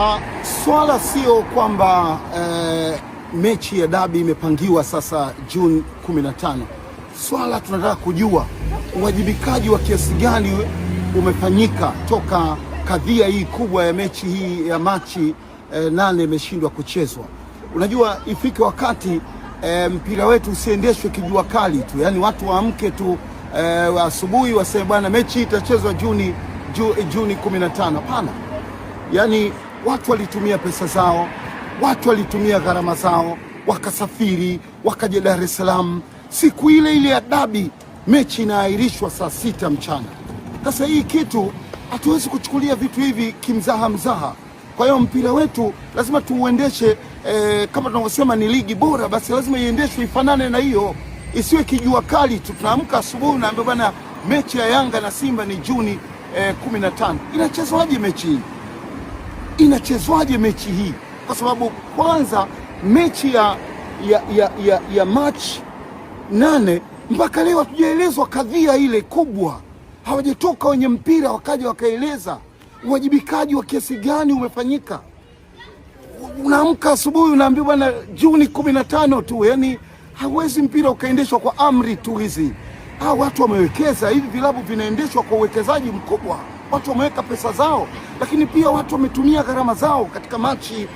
Uh, swala sio kwamba uh, mechi ya dabi imepangiwa sasa Juni 15. Swala tunataka kujua uwajibikaji wa kiasi gani umefanyika toka kadhia hii kubwa ya mechi hii ya Machi uh, nane imeshindwa kuchezwa. Unajua, ifike wakati eh, mpira wetu usiendeshwe kijua kali tu, yaani watu waamke tu uh, asubuhi waseme bwana mechi itachezwa Juni, Juni 15. Hapana, yaani watu walitumia pesa zao, watu walitumia gharama zao, wakasafiri wakaja Dar es Salaam. Siku ile ile ya dabi mechi inaahirishwa saa sita mchana. Sasa hii kitu hatuwezi kuchukulia vitu hivi kimzaha mzaha. Kwa hiyo mpira wetu lazima tuuendeshe eh, kama tunavyosema ni ligi bora, basi lazima iendeshwe ifanane na hiyo, isiwe kijua kali tu. Tunaamka asubuhi naambia bwana, mechi ya Yanga na Simba ni Juni eh, kumi na tano. Inachezwaje mechi hii? inachezwaje mechi hii, kwa sababu kwanza mechi ya, ya, ya, ya, ya Machi nane mpaka leo hatujaelezwa kadhia ile kubwa, hawajatoka wenye mpira wakaja wakaeleza uwajibikaji wa kiasi gani umefanyika. Unaamka asubuhi unaambiwa na Juni kumi na tano tu, yani hawezi mpira ukaendeshwa kwa amri tu hizi. Hawa watu wamewekeza, hivi vilabu vinaendeshwa kwa uwekezaji mkubwa watu wameweka pesa zao, lakini pia watu wametumia gharama zao katika machi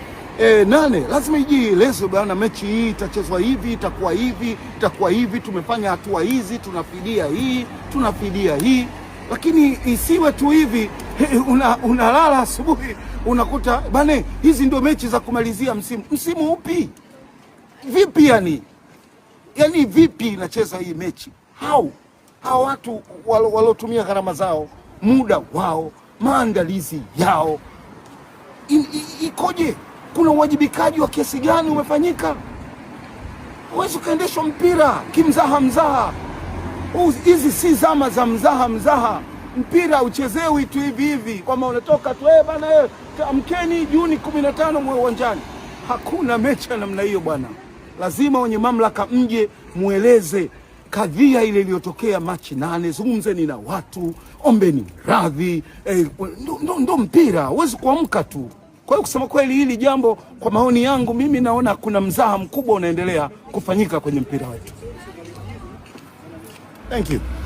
E, nane lazima ijielezwe bana, mechi hii itachezwa hivi, itakuwa hivi, itakuwa hivi, tumefanya hatua hizi, tunafidia hii, tunafidia hii, lakini isiwe tu hivi. Unalala asubuhi unakuta bane, hizi ndio mechi za kumalizia msimu. Msimu upi? Vipi yani, yani vipi inacheza hii mechi? hau hawa watu waliotumia gharama zao muda wao, maandalizi yao ikoje? Kuna uwajibikaji wa kiasi gani umefanyika? Huwezi ukaendeshwa mpira kimzaha mzaha. Hizi si zama za mzaha mzaha. Mpira uchezewi tu hivi hivi kwamba unatoka tu eh, bana eh, amkeni Juni kumi na tano mwe uwanjani. Hakuna mechi ya namna hiyo bwana, lazima wenye mamlaka mje mueleze kadhia ile iliyotokea Machi nane, zungumzeni na watu, ombeni radhi eh, ndo, ndo, ndo mpira, huwezi kuamka tu. Kwa hiyo kusema kweli, hili jambo kwa maoni yangu mimi naona kuna mzaha mkubwa unaendelea kufanyika kwenye mpira wetu. Thank you.